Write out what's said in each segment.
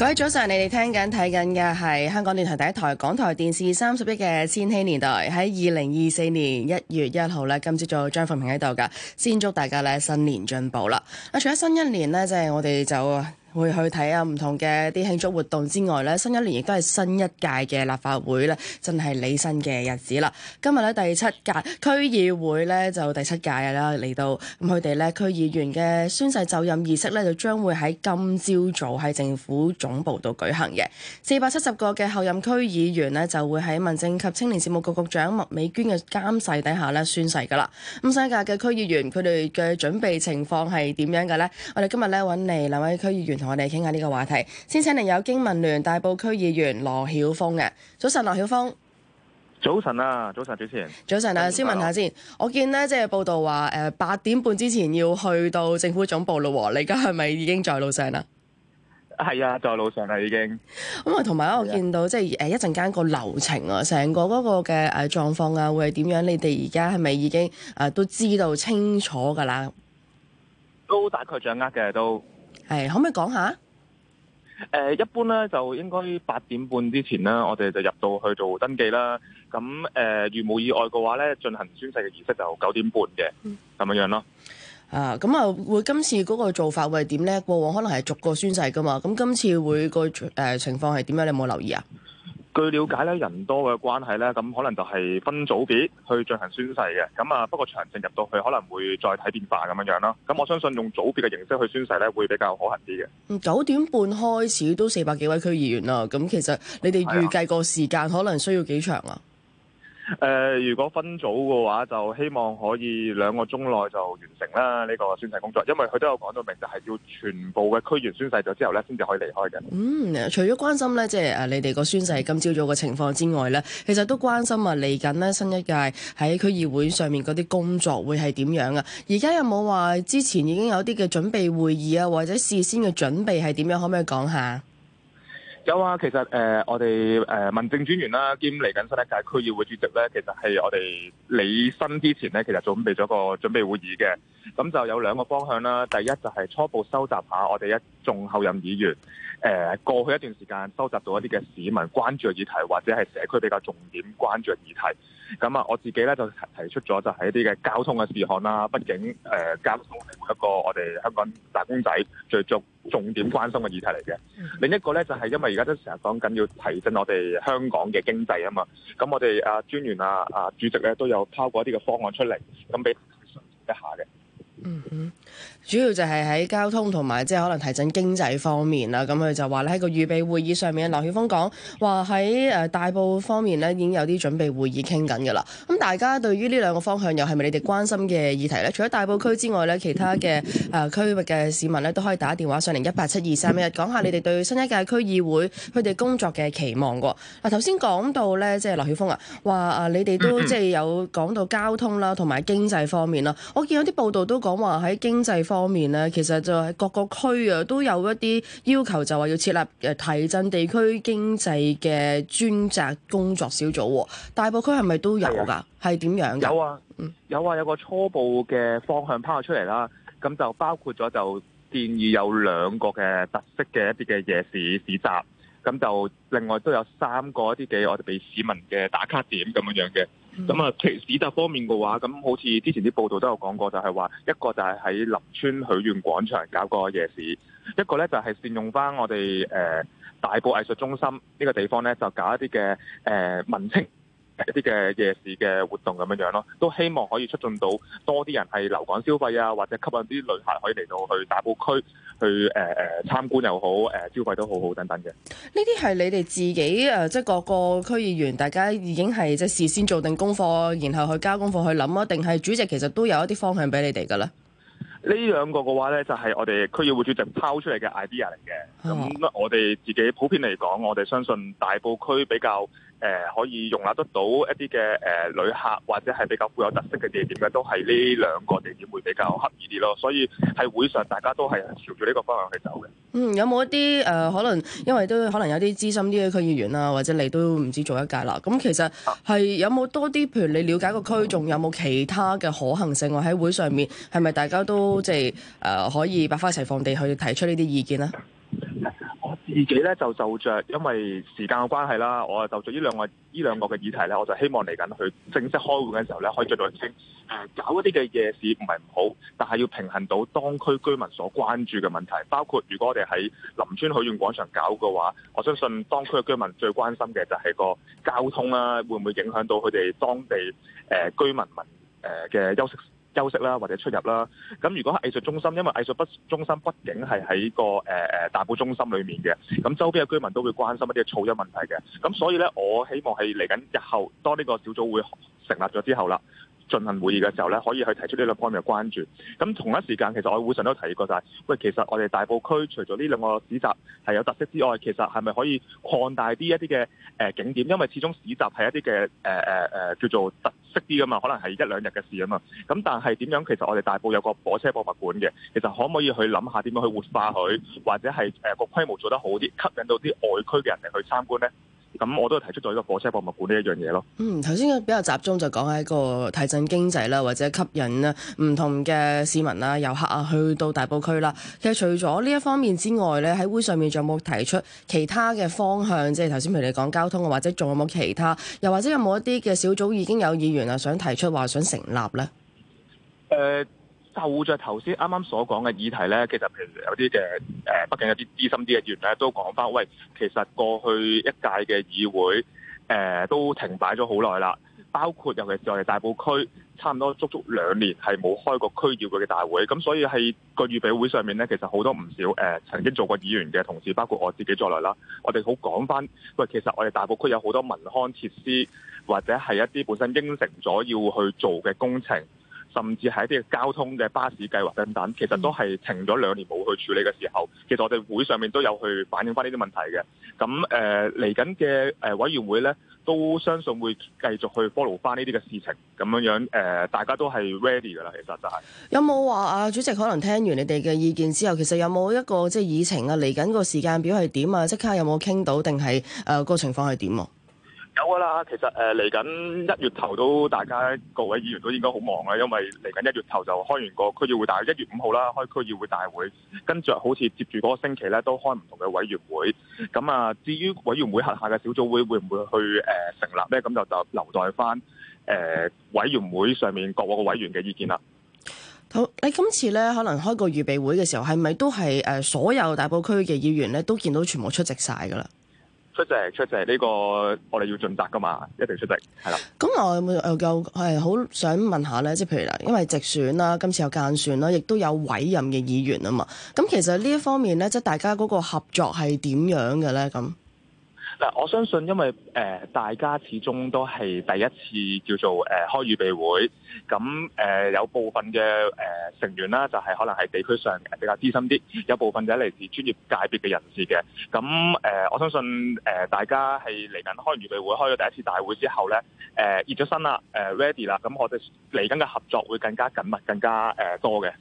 各位早上，你哋聽緊睇緊嘅係香港電台第一台、港台電視三十億嘅《千禧年代》，喺二零二四年一月一號啦。今朝早張鳳平喺度噶，先祝大家咧新年進步啦。啊，除咗新一年咧，即係我哋就～會去睇下唔同嘅啲慶祝活動之外咧，新一年亦都係新一屆嘅立法會咧，真係履新嘅日子啦。今日咧第七屆區議會咧，就第七屆啦，嚟到咁佢哋咧區議員嘅宣誓就任儀式咧就將會喺今朝早喺政府總部度舉行嘅。四百七十個嘅候任區議員呢，就會喺民政及青年事務局局長麥美娟嘅監誓底下咧宣誓噶啦。咁新一屆嘅區議員佢哋嘅準備情況係點樣嘅咧？我哋今日咧搵嚟兩位區議員。同我哋傾下呢個話題，先請嚟，有經民聯大埔區議員羅曉楓嘅。早晨，羅曉楓。早晨啊，早晨主持人。早晨啊，先問下先。我見呢，即係報道話，誒，八點半之前要去到政府總部咯。你而家係咪已經在路上啦？係啊，在路上啦，已經。咁啊、嗯，同埋我見到、啊、即係誒一陣間個流程啊，成個嗰個嘅誒狀況啊，會係點樣？你哋而家係咪已經誒、呃、都知道清楚噶啦？都大概掌握嘅，都。係可唔可以講下？誒、呃，一般咧就應該八點半之前咧，我哋就入到去做登記啦。咁誒、呃，如無意外嘅話咧，進行宣誓嘅儀式就九點半嘅，咁、嗯、樣樣咯。啊，咁、嗯、啊，會今次嗰個做法會係點咧？過往可能係逐個宣誓噶嘛。咁今次會個誒、呃、情況係點樣？你有冇留意啊？據了解咧，人多嘅關係咧，咁可能就係分組別去進行宣誓嘅。咁啊，不過詳情入到去可能會再睇變化咁樣樣咯。咁我相信用組別嘅形式去宣誓咧，會比較可行啲嘅。九點半開始都四百幾位區議員啦。咁其實你哋預計個時間可能需要幾長啊？哎誒、呃，如果分組嘅話，就希望可以兩個鐘內就完成啦。呢個宣誓工作，因為佢都有講到明，就係要全部嘅區議員宣誓咗之後呢，先至可以離開嘅。嗯，除咗關心呢，即係誒你哋個宣誓今朝早嘅情況之外呢，其實都關心啊。嚟緊呢，新一屆喺區議會上面嗰啲工作會係點樣啊？而家有冇話之前已經有啲嘅準備會議啊，或者事先嘅準備係點樣？可唔可以講下？有啊，其實誒、呃，我哋誒、呃、民政專員啦，兼嚟緊新一屆區議會主席咧，其實係我哋履新之前咧，其實準備咗個準備會議嘅，咁就有兩個方向啦。第一就係初步收集下我哋一眾候任議員誒、呃、過去一段時間收集到一啲嘅市民關注嘅議題，或者係社區比較重點關注嘅議題。咁啊，我自己咧就提提出咗就係一啲嘅交通嘅事項啦。畢竟、呃、交通係一個我哋香港打工仔最著重點關心嘅議題嚟嘅。Mm hmm. 另一個咧就係、是、因為而家都成日講緊要提振我哋香港嘅經濟啊嘛。咁我哋、啊、專員啊啊主席咧都有拋過一啲嘅方案出嚟，咁俾大家商討一下嘅。嗯，主要就係喺交通同埋即係可能提振經濟方面啦。咁佢就話喺個預備會議上面，羅曉楓講話喺誒大埔方面咧已經有啲準備會議傾緊噶啦。咁大家對於呢兩個方向又係咪你哋關心嘅議題咧？除咗大埔區之外咧，其他嘅誒區域嘅市民咧都可以打電話上嚟一八七二三一，講下你哋對新一屆區議會佢哋工作嘅期望。嗱、啊，頭先講到呢即係羅曉楓啊，話誒、啊、你哋都咳咳即係有講到交通啦，同埋經濟方面啦。我見有啲報道都講。講話喺經濟方面咧，其實就係各個區啊都有一啲要求，就話要設立誒提振地區經濟嘅專責工作小組。大埔區係咪都有噶？係點樣噶？有啊，有啊，有個初步嘅方向拋出嚟啦。咁就包括咗就建議有兩個嘅特色嘅一啲嘅夜市市集。咁就另外都有三個一啲嘅我哋俾市民嘅打卡點咁樣樣嘅。咁啊，嗯、其市集方面嘅話，咁好似之前啲報道都有講過，就係話一個就係喺林村許願廣場搞個夜市，一個咧就係善用翻我哋誒、呃、大埔藝術中心呢個地方咧，就搞一啲嘅誒文青。一啲嘅夜市嘅活動咁樣樣咯，都希望可以促進到多啲人係留港消費啊，或者吸引啲旅客可以嚟到去大埔區去誒誒參觀又好，誒、呃、消費都好好等等嘅。呢啲係你哋自己誒即係各個區議員大家已經係即係事先做定功課，然後去交功課去諗啊，定係主席其實都有一啲方向俾你哋噶啦？的呢兩個嘅話咧，就係、是、我哋區議會主席拋出嚟嘅 idea 嚟嘅。咁、嗯嗯、我哋自己普遍嚟講，我哋相信大埔區比較。誒、呃、可以容納得到一啲嘅誒旅客，或者係比較富有特色嘅地點嘅，都係呢兩個地點會比較合意啲咯。所以喺會上大家都係朝住呢個方向去走嘅。嗯，有冇一啲誒、呃、可能因為都可能有啲資深啲嘅區議員啦，或者你都唔知做一屆啦。咁其實係有冇多啲譬如你了解個區，仲有冇其他嘅可行性？或喺會上面係咪大家都即係誒可以百花齊放地去提出呢啲意見呢？自己咧就就着因為時間嘅關係啦，我啊就着呢兩個呢兩個嘅議題咧，我就希望嚟緊去正式開會嘅時候咧，可以再度傾。誒，搞一啲嘅夜市唔係唔好，但係要平衡到當區居民所關注嘅問題，包括如果我哋喺林村許願廣場搞嘅話，我相信當區嘅居民最關心嘅就係個交通啦、啊，會唔會影響到佢哋當地誒、呃、居民民誒嘅、呃、休息？休息啦，或者出入啦。咁如果藝術中心，因為藝術不中心畢竟係喺個誒誒大埔中心裏面嘅，咁周邊嘅居民都會關心一啲嘅噪音問題嘅。咁所以咧，我希望係嚟緊日後當呢個小組會成立咗之後啦，進行會議嘅時候咧，可以去提出呢個方面嘅關注。咁同一時間，其實我會上都提過晒，喂，其實我哋大埔區除咗呢兩個市集係有特色之外，其實係咪可以擴大啲一啲嘅誒景點，因為始終市集係一啲嘅誒誒誒叫做特。識啲㗎嘛，可能係一兩日嘅事啊嘛。咁但係點樣？其實我哋大埔有個火車博物館嘅，其實可唔可以去諗下點樣去活化佢，或者係誒個規模做得好啲，吸引到啲外區嘅人嚟去參觀呢？咁我都提出咗一個火車博物館呢一樣嘢咯。嗯，頭先比較集中就講喺個提振經濟啦，或者吸引啦唔同嘅市民啦、遊客啊，去到大埔區啦。其實除咗呢一方面之外呢，喺會上面仲有冇提出其他嘅方向？即係頭先譬如你講交通啊，或者仲有冇其他？又或者有冇一啲嘅小組已經有議員啊想提出話想成立呢？呃就着頭先啱啱所講嘅議題呢，其實譬如有啲嘅誒，畢竟有啲資深啲嘅議員咧都講翻，喂，其實過去一屆嘅議會誒、呃、都停擺咗好耐啦，包括尤其是我哋大埔區，差唔多足足兩年係冇開過區議會嘅大會，咁所以喺個預備會上面呢，其實好多唔少誒、呃、曾經做過議員嘅同事，包括我自己在內啦，我哋好講翻，喂，其實我哋大埔區有好多民康設施或者係一啲本身應承咗要去做嘅工程。甚至係一啲交通嘅巴士計劃等等，其實都係停咗兩年冇去處理嘅時候，其實我哋會上面都有去反映翻呢啲問題嘅。咁誒嚟緊嘅誒委員會呢，都相信會繼續去 follow 翻呢啲嘅事情，咁樣樣誒、呃，大家都係 ready 噶啦。其實就係、是、有冇話啊，主席可能聽完你哋嘅意見之後，其實有冇一個即係、就是、議程啊？嚟緊個時間表係點啊？即刻有冇傾到定係誒個情況係點啊？有噶啦，其實誒嚟緊一月頭都大家各位議員都應該好忙嘅，因為嚟緊一月頭就開完個區議會大會，一月五號啦開區議會大會，跟著好似接住嗰個星期咧都開唔同嘅委員會。咁啊，至於委員會轄下嘅小組會會唔會去誒、呃、成立咧？咁就就留待返誒、呃、委員會上面各個委員嘅意見啦。好，你今次咧可能開個預備會嘅時候，係咪都係誒、呃、所有大埔區嘅議員咧都見到全部出席晒噶啦？出席出席呢個我哋要盡責噶嘛，一定出席係啦。咁我有冇又夠係好想問下咧？即係譬如啦，因為直選啦，今次有間選啦，亦都有委任嘅議員啊嘛。咁其實呢一方面咧，即係大家嗰個合作係點樣嘅咧？咁。嗱，我相信因為誒、呃、大家始終都係第一次叫做誒、呃、開預備會，咁誒、呃、有部分嘅誒、呃、成員啦，就係、是、可能係地區上比較資深啲，有部分就係嚟自專業界別嘅人士嘅，咁誒、呃、我相信誒、呃、大家係嚟緊開完預備會，開咗第一次大會之後咧，誒、呃、熱咗身啦，誒、呃、ready 啦，咁我哋嚟緊嘅合作會更加緊密，更加誒、呃、多嘅。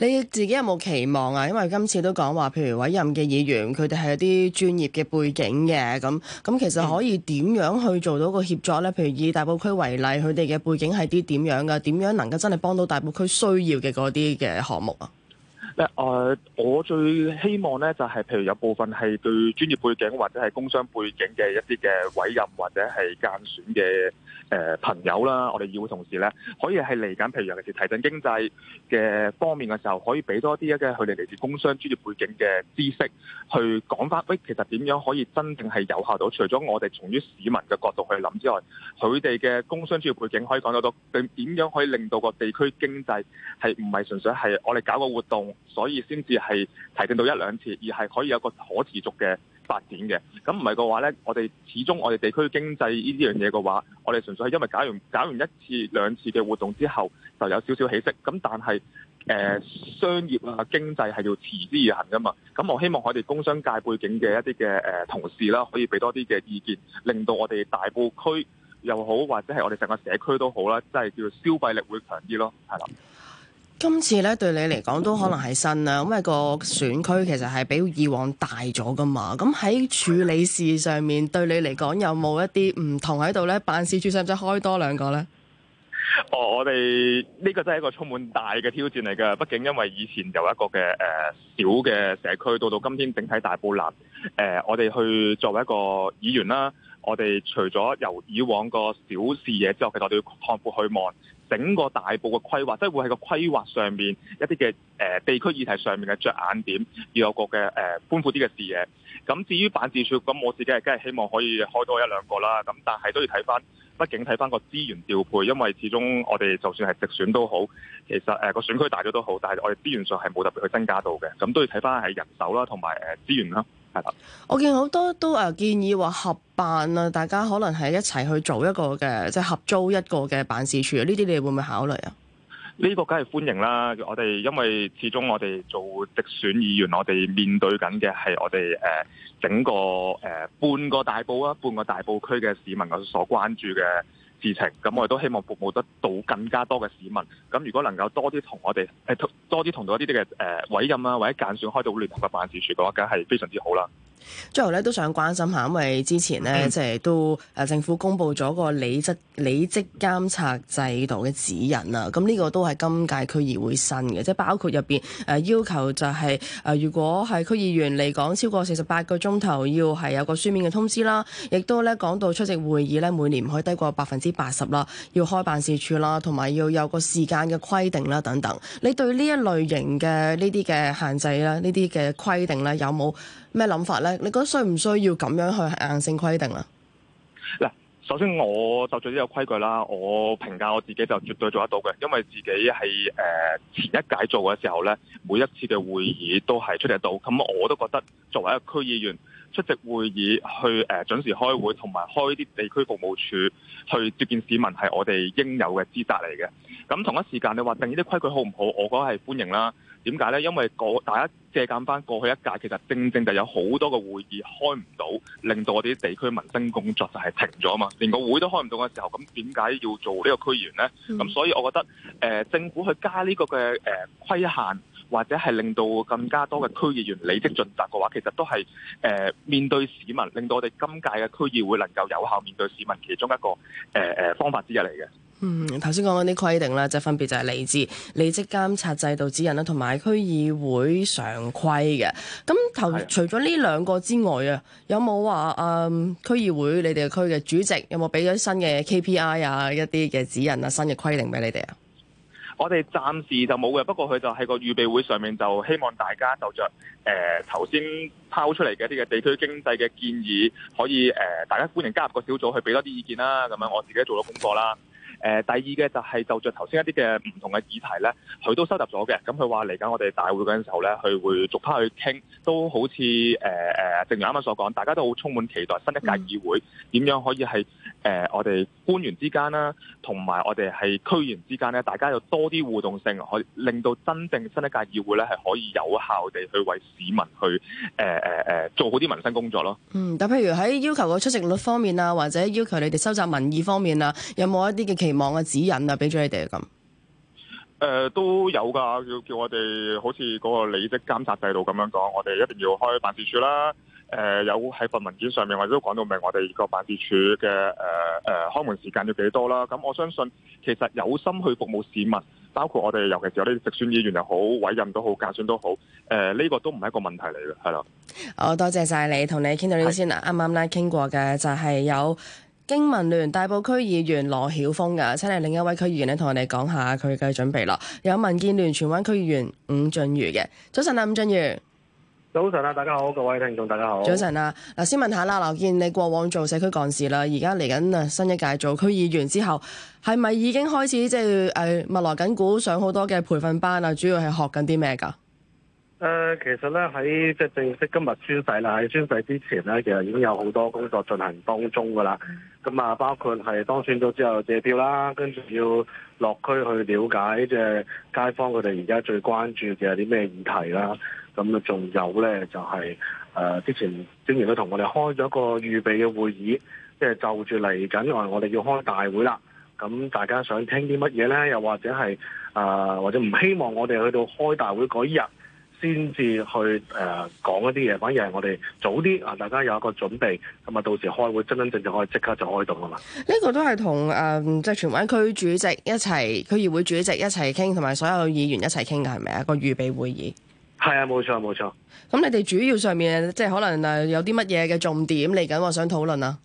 你自己有冇期望啊？因為今次都講話，譬如委任嘅議員，佢哋係有啲專業嘅背景嘅，咁咁其實可以點樣去做到個協助咧？譬如以大埔區為例，佢哋嘅背景係啲點樣嘅，點樣能夠真係幫到大埔區需要嘅嗰啲嘅項目啊？誒、呃，我最希望咧就係、是、譬如有部分係對專業背景或者係工商背景嘅一啲嘅委任或者係間選嘅。誒、呃、朋友啦，我哋議會同事咧，可以係嚟緊，譬如尤其是提振經濟嘅方面嘅時候，可以俾多啲一嘅佢哋嚟自工商專業背景嘅知識去講翻喂，其實點樣可以真正係有效到？除咗我哋從於市民嘅角度去諗之外，佢哋嘅工商專業背景可以講得到點樣可以令到個地區經濟係唔係純粹係我哋搞個活動，所以先至係提振到一兩次，而係可以有個可持續嘅。發展嘅，咁唔係嘅話呢。我哋始終我哋地區經濟呢啲樣嘢嘅話，我哋純粹係因為搞完搞完一次兩次嘅活動之後，就有少少起色。咁但係誒、呃、商業啊經濟係要持之以恒噶嘛。咁我希望我哋工商界背景嘅一啲嘅、呃、同事啦，可以俾多啲嘅意見，令到我哋大埔區又好，或者係我哋成個社區都好啦，即係叫做消費力會強啲咯，係啦。今次咧對你嚟講都可能係新啦，因為個選區其實係比以往大咗噶嘛。咁喺處理事上面對你嚟講有冇一啲唔同喺度咧？辦事處使唔使開多兩個咧？哦，我哋呢、呢個真係一個充滿大嘅挑戰嚟嘅。畢竟因為以前有一個嘅誒、呃、小嘅社區，到到今天整體大埔立。誒、呃，我哋去作為一個議員啦。我哋除咗由以往個小視野之後，其實我哋要擴闊去望整個大埔嘅規劃，即係會喺個規劃上面一啲嘅誒地區議題上面嘅着眼點，要有個嘅誒寬闊啲嘅視野。咁至於辦事處，咁我自己係梗係希望可以開多一兩個啦。咁但係都要睇翻，畢竟睇翻個資源調配，因為始終我哋就算係直選都好，其實誒個選區大咗都好，但係我哋資源上係冇特別去增加到嘅。咁都要睇翻係人手啦，同埋誒資源啦。我見好多都誒建議話合辦啊，大家可能係一齊去做一個嘅，即係合租一個嘅辦事處。呢啲你哋會唔會考慮啊？呢個梗係歡迎啦！我哋因為始終我哋做直選議員，我哋面對緊嘅係我哋誒整個誒半個大埔啊，半個大埔區嘅市民我所關注嘅。事情咁，我哋都希望服務得到更加多嘅市民。咁如果能夠多啲同我哋誒多啲同到一啲嘅誒委任啊，或者間選開到聯合嘅辦事處嘅話，梗係非常之好啦。最後咧都想關心下，因為之前咧即係都誒、啊、政府公布咗個履職履職監察制度嘅指引啦。咁呢個都係今屆區議會新嘅，即係包括入邊誒要求就係、是、誒、啊、如果係區議員嚟講超過四十八個鐘頭，要係有個書面嘅通知啦。亦都咧講到出席會議咧，每年唔可以低過百分之八十啦，要開辦事處啦，同埋要有個時間嘅規定啦，等等。你對呢一類型嘅呢啲嘅限制啦、呢啲嘅規定咧，有冇？咩諗法呢？你覺得需唔需要咁樣去硬性規定啦？嗱，首先我就做呢個規矩啦，我評價我自己就絕對做得到嘅，因為自己係誒前一屆做嘅時候呢，每一次嘅會議都係出嚟到，咁我都覺得作為一個區議員出席會議去誒準時開會，同埋開啲地區服務處去接見市民，係我哋應有嘅資格嚟嘅。咁同一時間，你話定呢啲規矩好唔好？我覺得係歡迎啦。點解呢？因為大家借鑒翻過去一屆，其實正正就有好多個會議開唔到，令到我哋地區民生工作就係停咗嘛。連個會都開唔到嘅時候，咁點解要做呢個區議員呢？咁、嗯、所以我覺得，誒、呃、政府去加呢個嘅、呃、規限，或者係令到更加多嘅區議員理職盡責嘅話，其實都係誒、呃、面對市民，令到我哋今屆嘅區議會能夠有效面對市民其中一個誒、呃、方法之一嚟嘅。嗯，頭先講嗰啲規定啦，即係分別就係履職、履職監察制度指引啦，同埋區議會常規嘅。咁頭的除咗呢兩個之外啊，有冇話誒區議會你哋區嘅主席有冇俾咗新嘅 KPI 啊，一啲嘅指引啊，新嘅規定俾你哋啊？我哋暫時就冇嘅，不過佢就係個預備會上面就希望大家就着誒頭先拋出嚟嘅一啲嘅地區經濟嘅建議，可以誒、呃、大家歡迎加入個小組去俾多啲意見啦。咁樣我自己做咗工作啦。誒第二嘅就係就着頭先一啲嘅唔同嘅議題咧，佢都收集咗嘅。咁佢話嚟緊我哋大會嗰陣時候咧，佢會逐 p 去傾，都好似誒、呃、正如啱啱所講，大家都好充滿期待，新一屆議會點、嗯、樣可以係。誒、呃，我哋官員之間啦，同埋我哋係區員之間咧，大家有多啲互動性，可令到真正新一屆議會咧，係可以有效地去為市民去誒誒誒做好啲民生工作咯。嗯，但譬如喺要求個出席率方面啊，或者要求你哋收集民意方面啊，有冇一啲嘅期望嘅指引啊，俾咗你哋咁？誒，都有㗎，要叫我哋好似嗰個履職監察制度咁樣講，我哋一定要開辦事處啦。誒、呃、有喺份文件上面，或者都講到明我哋個辦事處嘅誒誒開門時間要幾多啦。咁我相信其實有心去服務市民，包括我哋，尤其是有啲直選議員又好、委任都好、間選都好。誒、呃、呢、這個都唔係一個問題嚟嘅，係啦。好，多謝晒你，同你傾到呢啲先啦。啱啱咧傾過嘅就係有經民聯大埔區議員羅曉楓嘅，請嚟另一位區議員咧同我哋講下佢嘅準備啦。有民建聯荃灣區議員伍俊瑜嘅，早晨啊，伍俊瑜。早晨啊，大家好，各位聽眾大家好。早晨啊，嗱先問下啦，劉建，你過往做社區幹事啦，而家嚟緊啊新一屆做區議員之後，係咪已經開始即係誒，密羅緊股上好多嘅培訓班啊？主要係學緊啲咩噶？誒、呃，其實咧喺即係正式今日宣誓啦，喺宣誓之前咧，其實已經有好多工作進行當中噶啦。咁啊，包括係當選咗之後謝票啦，跟住要落區去了解即係街坊佢哋而家最關注嘅係啲咩議題啦。嗯咁啊，仲有咧、就是，就係誒之前，正如佢同我哋開咗一個預備嘅會議，即係就住嚟緊，我哋要開大會啦。咁大家想聽啲乜嘢咧？又或者係誒、呃，或者唔希望我哋去到開大會嗰日先至去誒、呃、講一啲嘢，反而係我哋早啲啊，大家有一個準備，咁啊，到時開會真真正正可以即刻就開動啦嘛。呢個都係同誒即係荃灣區主席一齊、區議會主席一齊傾，同埋所有議員一齊傾嘅，係咪啊？這個預備會議。係啊，冇錯冇錯。咁你哋主要上面即係可能誒，有啲乜嘢嘅重點嚟緊，我想討論啊。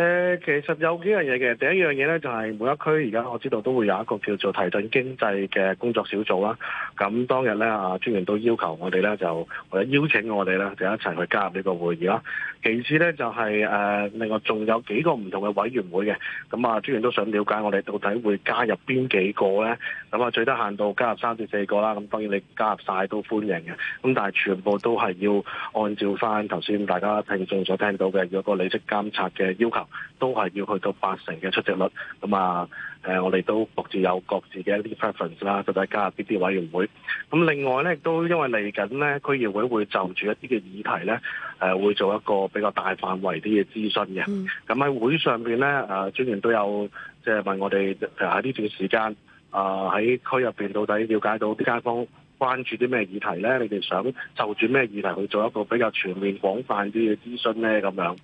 誒、呃，其實有幾樣嘢嘅。第一樣嘢咧，就係每一區而家我知道都會有一個叫做提振經濟嘅工作小組啦。咁當日咧啊，專員都要求我哋咧，就或者邀請我哋咧，就一齊去加入呢個會議啦。其次咧、就是，就係誒，另外仲有幾個唔同嘅委員會嘅。咁啊，專員都想了解我哋到底會加入邊幾個咧。咁啊，最低限度加入三至四個啦。咁當然你加入晒都歡迎嘅。咁但係全部都係要按照翻頭先大家聽眾所聽到嘅嗰個履職監察嘅要求。都係要去到八成嘅出席率，咁啊，誒，我哋都各自有各自嘅一啲 preference 啦，到底加入邊啲委員會。咁另外咧，都因為嚟緊咧，區議會會就住一啲嘅議題咧，誒，會做一個比較大範圍啲嘅諮詢嘅。咁喺、嗯、會上邊咧，誒，專員都有即係問我哋，喺呢段時間啊，喺區入邊到底了解到啲街坊關注啲咩議題呢？你哋想就住咩議題去做一個比較全面廣泛啲嘅諮詢呢？咁樣，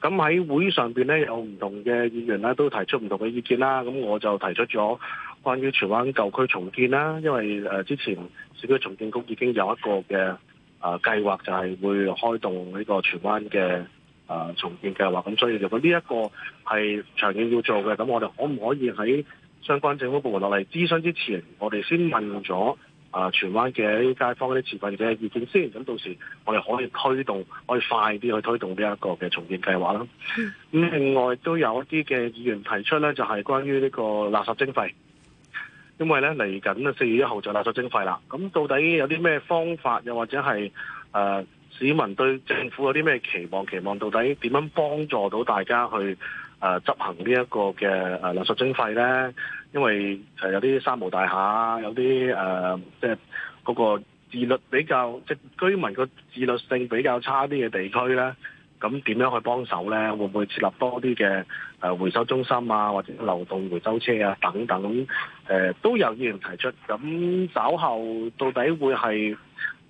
咁喺會上面呢，有唔同嘅議員咧都提出唔同嘅意見啦。咁我就提出咗關於荃灣舊區重建啦，因為、呃、之前市區重建局已經有一個嘅計、呃、計劃，就係會開動呢個荃灣嘅、呃、重建計劃。咁所以如果呢一個係長遠要做嘅，咁我哋可唔可以喺相關政府部門落嚟諮詢之前，我哋先問咗？啊！荃灣嘅啲街坊、啲持份者嘅意見先，咁到時我哋可以推動，可以快啲去推動呢一個嘅重建計劃啦。咁另外都有一啲嘅議員提出咧，就係、是、關於呢個垃圾徵費，因為咧嚟緊咧四月一號就垃圾徵費啦。咁到底有啲咩方法，又或者係誒、呃、市民對政府有啲咩期望？期望到底點樣幫助到大家去？誒執行呢一個嘅誒垃圾徵費咧，因為有啲三無大廈有啲誒即係嗰個自律比較即居民個自律性比較差啲嘅地區咧，咁點樣去幫手咧？會唔會設立多啲嘅誒回收中心啊，或者流動回收車啊等等？誒、呃、都有議員提出。咁稍後到底會係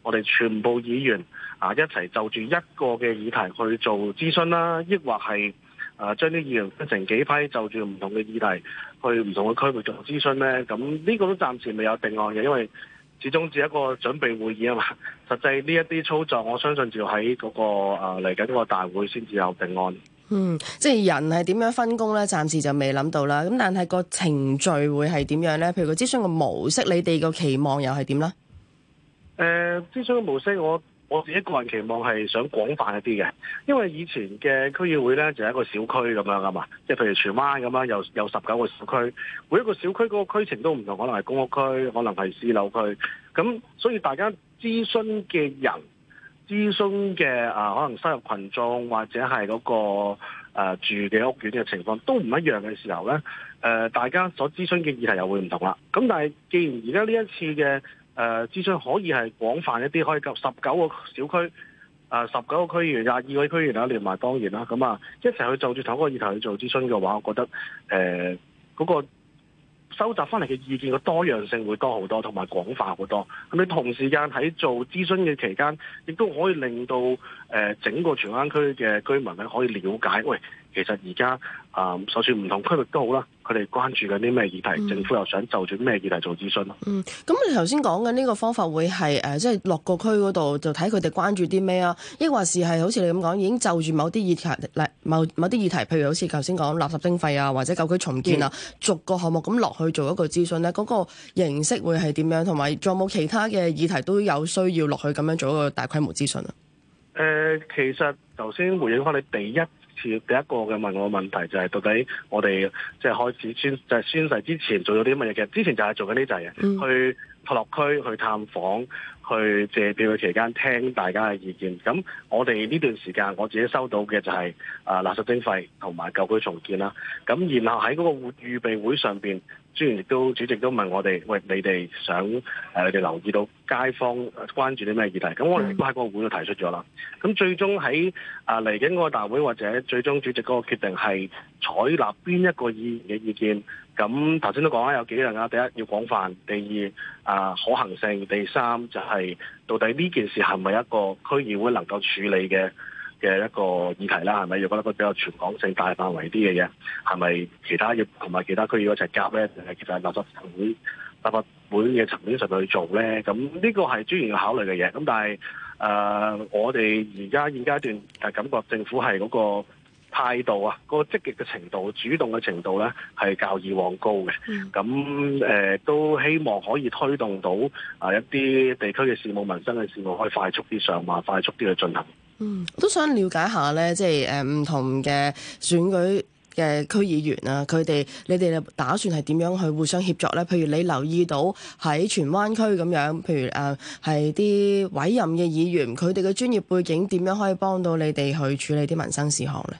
我哋全部議員啊一齊就住一個嘅議題去做諮詢啦、啊，抑或係？啊！將啲議員分成幾批，就住唔同嘅議題去唔同嘅區域做諮詢咧。咁呢個都暫時未有定案嘅，因為始終只一個準備會議啊嘛。實際呢一啲操作，我相信就喺嗰、嗰個嚟緊個大會先至有定案。嗯，即係人係點樣分工咧？暫時就未諗到啦。咁但係個程序會係點樣咧？譬如個諮詢嘅模式，你哋個期望又係點咧？誒、呃，諮詢嘅模式我。我自己個人期望係想廣泛一啲嘅，因為以前嘅區議會咧就係、是、一個小區咁樣啊嘛，即、就、係、是、譬如荃灣咁啦，有有十九個小區，每一個小區嗰個區情都唔同，可能係公屋區，可能係私樓區，咁所以大家諮詢嘅人、諮詢嘅啊可能收入群眾或者係嗰、那個、啊、住嘅屋苑嘅情況都唔一樣嘅時候咧，誒、啊、大家所諮詢嘅議題又會唔同啦。咁但係既然而家呢一次嘅。誒諮詢可以係廣泛一啲，可以夠十九個小區，誒十九個區議員、廿二個區議員啊連埋當然啦，咁啊一齊去就住頭嗰個議題去做諮詢嘅話，我覺得誒嗰、呃那個收集翻嚟嘅意見嘅多樣性會多好多，同埋廣泛好多。咁你同時間喺做諮詢嘅期間，亦都可以令到誒、呃、整個荃灣區嘅居民咧可以了解，喂，其實而家啊，就算唔同區域都好啦。佢哋關注緊啲咩議題？政府又想就住咩議題做諮詢咯？嗯，咁你頭先講嘅呢個方法會係誒，即係落個區嗰度就睇佢哋關注啲咩啊？抑或是係好似你咁講，已經就住某啲議題，某某啲議題，譬如好似頭先講垃圾徵費啊，或者舊區重建啊，嗯、逐個項目咁落去做一個諮詢咧，嗰、嗰個形式會係點樣？同埋仲有冇其他嘅議題都有需要落去咁樣做一個大規模諮詢啊？誒、呃，其實頭先回應翻你第一。第一個嘅問我嘅問題就係到底我哋即係開始宣就係、是、宣誓之前做咗啲乜嘢？其實之前就係做緊呢啲嘢，嗯、去托樂區去探訪，去借票嘅期間聽大家嘅意見。咁我哋呢段時間我自己收到嘅就係、是、啊垃圾徵費同埋舊區重建啦。咁然後喺嗰個會預備會上邊。雖然亦都主席都問我哋，喂，你哋想誒、呃，你哋留意到街坊關注啲咩議題？咁我哋都喺個會都提出咗啦。咁最終喺啊嚟緊嗰個大會，或者最終主席嗰個決定係採納邊一個議員嘅意見？咁頭先都講啦，有幾樣啊，第一要廣泛，第二啊、呃、可行性，第三就係、是、到底呢件事係咪一個區議會能夠處理嘅？嘅一個議題啦，係咪要講一個比較全港性、大範圍啲嘅嘢？係咪其他要同埋其他區要一齊夾咧？定係其實垃圾會、立法會嘅層面上去做咧？咁呢個係當然要考慮嘅嘢。咁但係誒、呃，我哋而家現階段係感覺政府係嗰個態度啊，嗰、那個積極嘅程度、主動嘅程度咧，係較以往高嘅。咁誒、mm. 呃、都希望可以推動到啊、呃、一啲地區嘅事務、民生嘅事務可以快速啲上馬、快速啲去進行。嗯，都想了解下咧，即係誒唔同嘅選舉嘅區議員啊，佢哋你哋打算係點樣去互相協助咧？譬如你留意到喺荃灣區咁樣，譬如誒係啲委任嘅議員，佢哋嘅專業背景點樣可以幫到你哋去處理啲民生事項咧？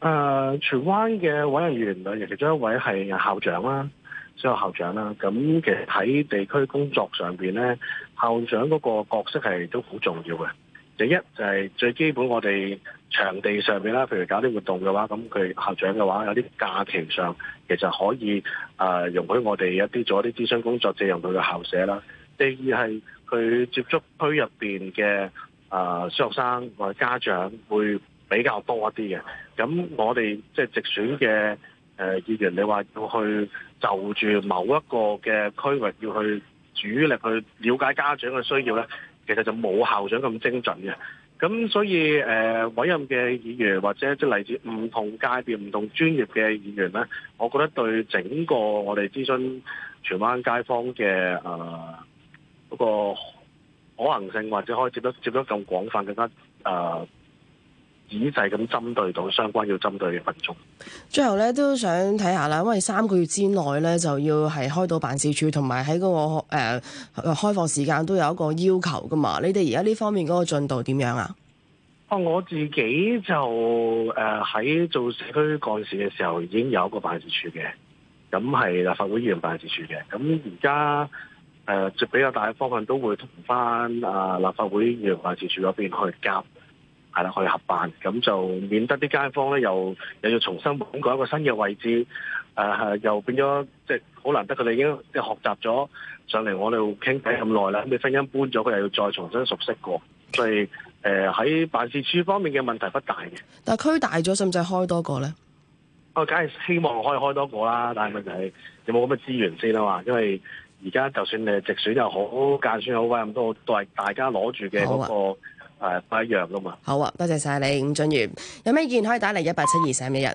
誒、呃，荃灣嘅委任議員裏邊其中一位係校長啦，所有校長啦。咁其實喺地區工作上邊咧，校長嗰個角色係都好重要嘅。第一就係、是、最基本，我哋場地上面啦，譬如搞啲活動嘅話，咁佢校長嘅話有啲假期上，其實可以啊、呃、容許我哋一啲做一啲諮詢工作，借用佢嘅校舍啦。第二係佢接觸區入邊嘅啊、呃、小學生或者家長會比較多一啲嘅。咁我哋即係直選嘅誒、呃、議員，你話要去就住某一個嘅區域要去主力去了解家長嘅需要咧。其實就冇校長咁精準嘅，咁所以誒、呃、委任嘅議員或者即係嚟自唔同界別、唔同專業嘅議員咧，我覺得對整個我哋諮詢荃灣街坊嘅誒嗰個可行性或者可以接得接得咁廣泛、更加誒。呃仔細咁針對到相關要針對嘅民眾。最後咧都想睇下啦，因為三個月之內咧就要係開到辦事處，同埋喺嗰個誒、呃、開放時間都有一個要求噶嘛。你哋而家呢方面嗰個進度點樣啊？哦，我自己就誒喺、呃、做社區幹事嘅時候已經有一個辦事處嘅，咁係立法會議員辦事處嘅。咁而家誒比較大嘅部分都會同翻啊立法會議員辦事處嗰邊去夾。係啦，去合辦咁就免得啲街坊咧又又要重新揾過一個新嘅位置，誒、呃、又變咗，即、就、好、係、難得佢哋已經即學習咗上嚟我哋傾偈咁耐啦，咁你分身搬咗佢又要再重新熟悉過，所以誒喺、呃、辦事處方面嘅問題不大嘅。但係區大咗，甚至開呢開多個咧？我梗係希望開開多個啦，但係問題係有冇咁嘅資源先啊嘛，因為而家就算你直選又好，間選又好，揾咁多都係大家攞住嘅嗰個。係、嗯、不一樣噶嘛？好啊，多謝晒你，伍俊瑜。有咩意見可以打嚟一八七二三一一。